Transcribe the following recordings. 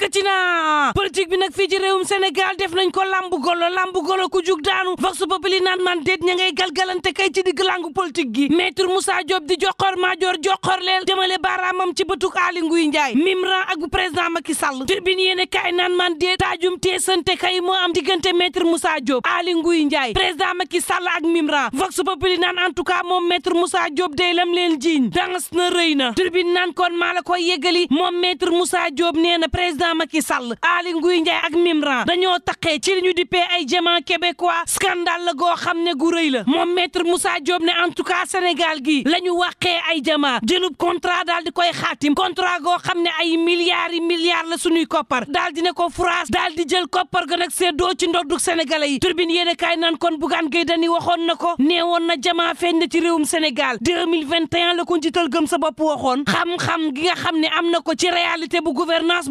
yëkkati na politique bi nag fii ci réewum Sénégal def nañ ko lambu golo lambu golo ku jug daanu vox populi naan man déet ña ngay galgalante kay ci digg langu politique gi maître di joxor maajoor joxor leel jëmale baaraamam ci bëtug Aly Ngouille Ndiaye Mimran ak bu président Macky Sall tribune yéene kaay naan man déet taajum teesante kay moo am diggante maître Moussa Diop Aly Ngouille ak Mimran vox populi naan en tout cas moom maître Moussa Diop day lam leen jiiñ dans na rëy na tribune naan kon maa la koy yeggali moom maître Moussa Diop nee na président Macky Sall Aly Ngouille Ndiaye ak Mimran dañoo taqee ci li ñu dippee ay jaman québécois scandale la goo xam ne gu rëy la moom maître Moussa Diop ne en tout cas Sénégal gi la ñu waxee ay jamaa jëlub contrat daal di koy xaatim contrat goo xam ne ay milliards yi milliards la suñuy koppar daal di ne ko France daal di jël koppar ga nag seddoo ci ndoddug sénégalais yi turbine yéen a kaay naan kon Bougane Gueye Dany waxoon na ko nee woon na jamaa feeñ na ci réewum Sénégal 2021 la ko njiital gëm sa bopp waxoon xam-xam gi nga xam ne am na ko ci réalité bu gouvernance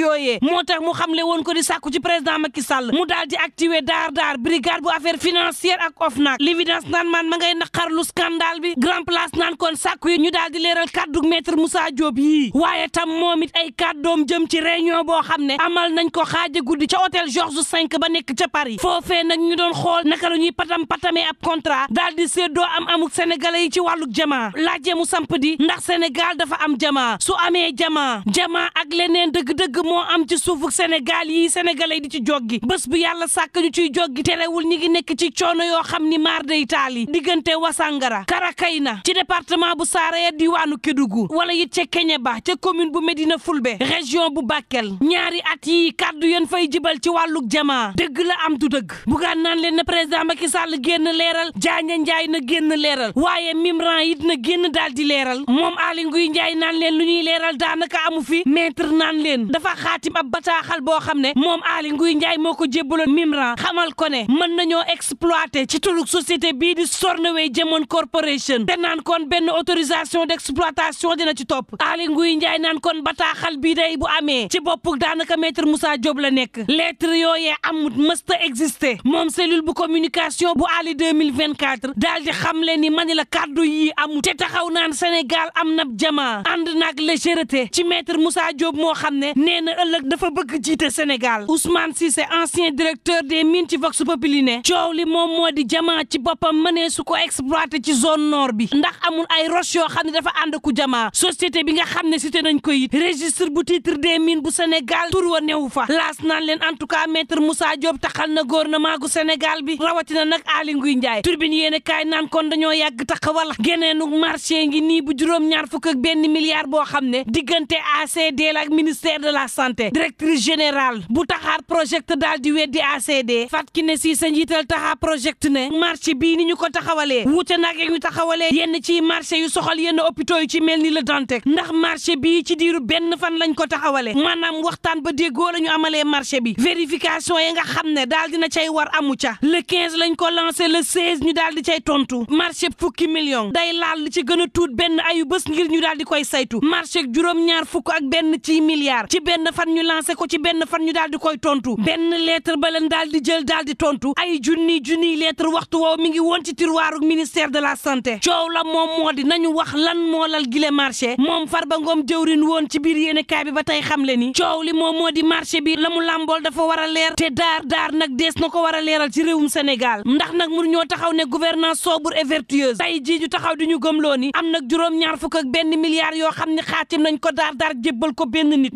yooyee moo tax mu xamle woon ko di sàkku ci président Macky Sall mu daal di activé daar daar brigade bu affaire financière ak OFNAC l'évidence naan maan ma ngay naqarlu scandale bi grand place naan kon sàkku yi ñu daal di leeral kàddu maître Moussa Diop yii waaye tam moom it ay kàddoom jëm ci réunion boo xam ne amal nañ ko xaaja guddi ca hôtel Georges V ba nekk ca Paris foofee nag ñu doon xool naka la ñuy patam patamee ab contrat daal di séddoo am amuk sénégalais yi ci wàlluk jamaa laajee mu samp di ndax Sénégal dafa am jamaa su amee jamaa jamaa ak leneen dëgg-dëgg moo am ci suufu Sénégal yi sénégalais di ci joggi bës bu yàlla sàkk ñu ciy joggi terewul ñi ngi nekk ci coono yoo xam ni maar day taali diggante Wasangara Karakayna ci département bu Saraya diwaanu Kédougou wala it ca Kéñéba ca commune bu Médina Fulbe région bu bakeel ñaari at yi kàddu yéen fay jibal ci wàllug jamaa dëgg la am du dëgg bugaan naan leen na président Macky Sall génn leeral Jaaña Njaay na génn leeral waaye Mimran it na génn daal di leeral moom Aly Ngouille Ndiaye naan leen lu ñuy leeral daanaka amu fi maître naan leen dafa xaatim ab bataaxal boo xam ne moom Aly Ngouille Ndiaye moo ko jébbaloon Mimran xamal ko ne mën nañoo exploité ci tuluk société bii di Sornoway Jemon Corporation te naan kon benn autorisation d'exploitation dina ci topp Aly Ngouille Ndiaye naan kon bataaxal bii day bu amee ci boppuk daanaka maître Moussa Diop la nekk lettre yooyee amut mësta existe moom cellule bu communication bu Aly 2024 daal di xamle ni mani la kàddu yii amut te taxaw naan Sénégal am na jamaa ànd naag légèreté ci maître Moussa Diop moo xam ne nee ne ëllëg dafa bëgg jiite Sénégal Ousmane Cissé ancien directeur des mines ci Vox Populi ne coow li moom moo di jamaa ci boppam mënee su ko exploité ci zone noor bi ndax amul ay roche yoo xam ne dafa ànd ku jamaa société bi nga xam ne cité nañ ko it registre bu titre des mines bu Sénégal tur wa newu fa laas naan leen en tout cas maître Moussa Diop taxal na gouvernement gu Sénégal bi rawatina nag Aly Ngouille Ndiaye bi yéen a kaay naan kon dañoo yàgg taxawal geneenu marché ngi nii bu juróom-ñaar fukk ak benn boo xam ne diggante ACD ak ministère de la santé directrice générale bu taxaar project daal di weddi ACD Fatou Kiné Cissé njiital taxaar project ne marché bii ni ñu ko taxawalee wuute nag ak ñu taxawalee yenn ci marché yu soxal yenn hôpitaux yu ci mel ni la Dantec ndax marché bi ci diiru benn fan lañ ko taxawalee maanaam waxtaan ba déggoo la ñu amalee marché bi vérification yi nga xam ne daal dina cay war amu ca le 15 lañ ko lancé le 16 ñu daal di cay tontu marché fukki million day laal li ci gën a tuut benn ayu bés ngir ñu daal di koy saytu marché juróom fukk ak benn ci milliard fan ñu lancé ko ci benn fan ñu daal di koy tontu benn lettre ba leen daal di jël daal di tontu ay junni junni lettre waxtu woow mi ngi woon ci tiroiru ministère de la santé coow la moom moo di nañu wax lan moo lal gile marché moom ba ngoom jëwrin woon ci biir yéenekaay bi ba tey xam le ni coow li moom moo di marché bi la mu làmbool dafa war a leer te daar daar nag dees na ko war a leeral ci réewum Sénégal ndax nag mun ñoo taxaw ne gouvernance sobre et vertueuse jii ñu taxaw di ñu gëmloo ni am nag juróom-ñaar fukk ak benn milliard yoo xam ne nañ ko daar daar ko benn nit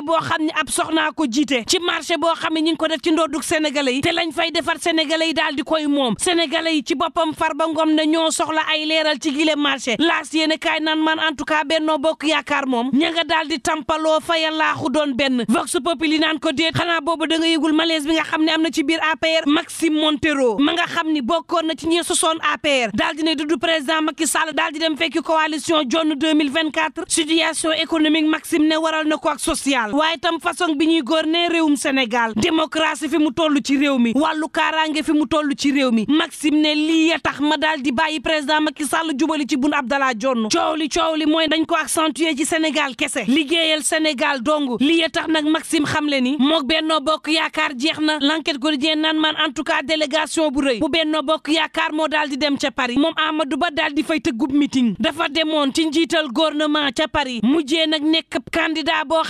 société boo xam ne ab soxna ko jiite ci marché boo xam ne ñi ngi ko def ci ndoddug sénégalais yi te lañ fay defar sénégalais yi daal di koy moom sénégalais yi ci boppam Farba Ngom ne ñoo soxla ay leeral ci gile marché laas yéene kaay naan man en tout cas bennoo bokk yaakaar moom ña nga daal di tampaloo faya laaxu doon benn vox populi naan ko déet xanaa boobu da nga yëgul bi nga xam ne am na ci biir APR Maxime Montero ma nga xam ni bokkoon na ci ñee sosoon APR daal di ne dudd président Macky Sall daal di dem fekki coalition jonn 2024 situation économique Maxime ne waral na ko ak social Sénégal waaye tam façon bi ñuy gouverner réewum Sénégal démocratie fi mu toll ci réew mi wàllu kaaraange fi mu toll ci réew mi Maxime ne lii ya tax ma daal di bàyyi président Macky Sall jubali ci bun Abdallah Dionne coow li coow li mooy dañ ko accentuer ci Sénégal kese liggéeyal Sénégal dong li ya tax nag Maxime xam le ni mook Benno Bokk Yaakaar jeex na l'enquête quotidien naan man en tout cas délégation bu rëy bu Benno Bokk Yaakaar moo daal di dem ca Paris moom Amadou Ba daal di fay tëggub meeting dafa demoon ci njiital gouvernement ca Paris mujjee nag nekk candidat boo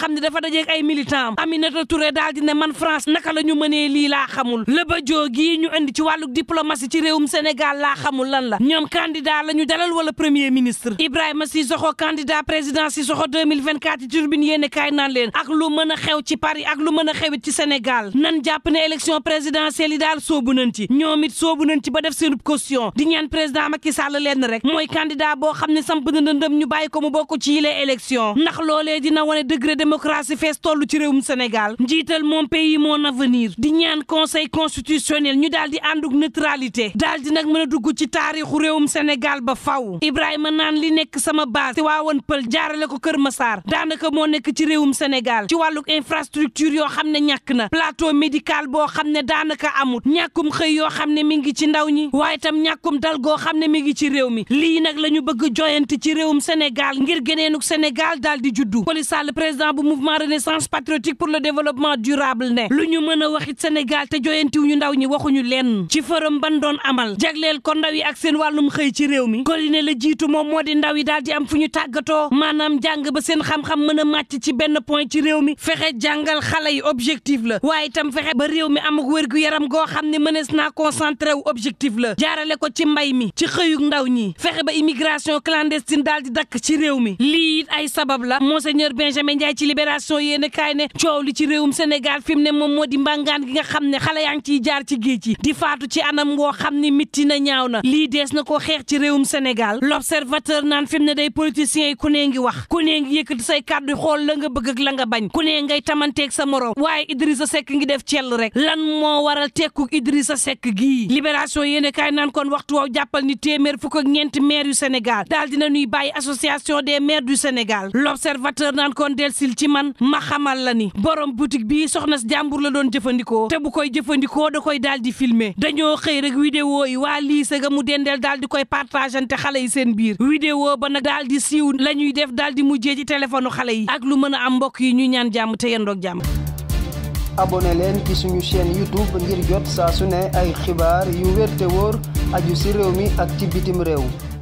dajeeg ay militant am Aminata Touré daal di ne man France naka la ñu mënee lii laa xamul la ba joo ñu indi ci wàllu diplomatie ci réewum Sénégal laa xamul lan la ñoom candidat la ñu dalal wala premier ministre Ibrahima Sissoko candidat président Sissoko 2024 ci turbine yéene kaay naan leen ak lu mën a xew ci Paris ak lu mën a xewit ci Sénégal nan jàpp ne élection présidentielle yi daal soobu nañ ci ñoom it soobu nañ ci ba def seenub caution di ñaan président Macky Sall leen rek mooy candidat boo xam ne samp na ndëndëm ñu bàyyi ko mu bokk ci yile élection ndax si fees toll ci réewum Sénégal njiital mon pays mon avenir di ñaan conseil constitutionnel ñu daal di ànduk neutralité daal di nag mën a dugg ci taarixu réewum Sénégal ba faw Ibrahima naan li nekk sama base te waawoon pël jaarale ko Kër Massar daanaka moo nekk ci réewum Sénégal ci wàlluk infrastructure yoo xam ne ñàkk na plateau médical boo xam ne daanaka amut ñàkkum xëy yoo xam ne mi ngi ci ndaw ñi waaye tam ñàkkum dal goo xam ne mi ngi ci réew mi lii nag la ñu bëgg joyante ci réewum Sénégal ngir géneenu Sénégal daal di juddu renaissance patriotique pour le développement durable ne lu ñu mën a waxit Sénégal te joyantiw ñu ndaw ñi waxuñu leen ci forum ban doon amal jagleel ko ndaw yi ak seen wàllum xëy ci réew mi Koline la jiitu moom moo di ndaw yi daal di am fu ñu tàggatoo maanaam jàng ba seen xam-xam mën a màcc ci benn point ci réew mi fexe jàngal xale yi objectif la waaye itam fexe ba réew mi am ak wér gu yaram goo xam ne mënees naa concentré wu objectif la jaarale ko ci mbay mi ci xëyug ndaw ñi fexe ba immigration clandestine daal di dakk ci réew mi lii ay sabab la monseigneur Benjamin Ndiaye ci libération libération yéen a kaay ne coow li ci réewum Sénégal fi mu ne moom moo di mbàngaan gi nga xam ne xale yaa ngi ciy jaar ci géej yi di faatu ci anam ngoo xam ne mitti na ñaaw na lii dees na ko xeex ci réewum Sénégal l'observateur naan fi ne day politiciens yi ku nee ngi wax ku nee ngi yëkkati say kàddu xool la nga bëgg ak la nga bañ ku nee ngay tamanteeg sa morom waaye Idrissa Seck ngi def cell rek lan moo waral tekku Idrissa Seck gii libération yéen a kaay naan kon waxtu woow jàppal ni téeméer fukk ak ñeenti maire yu Sénégal daal dina ñuy bàyyi association des maires du Sénégal l'observateur naan kon delsil ci man ma xamal la ni borom boutique bi soxna si jàmbur la doon jëfandikoo te bu koy jëfandikoo da koy daal di filmer dañoo xëy rek vidéo yi waa liise ga mu dendeel daal di koy partagante xale yi seen biir vidéo ba nag daal di siiw la ñuy def daal di mujjee ci téléphone xale yi ak lu mën a am mbokk yi ñu ñaan jàmm te yendoog jàmm abonné leen ci suñu chaîne youtube ngir jot saa su ne ay xibaar yu wér te wóor aju ci réew mi ak ci bitim réew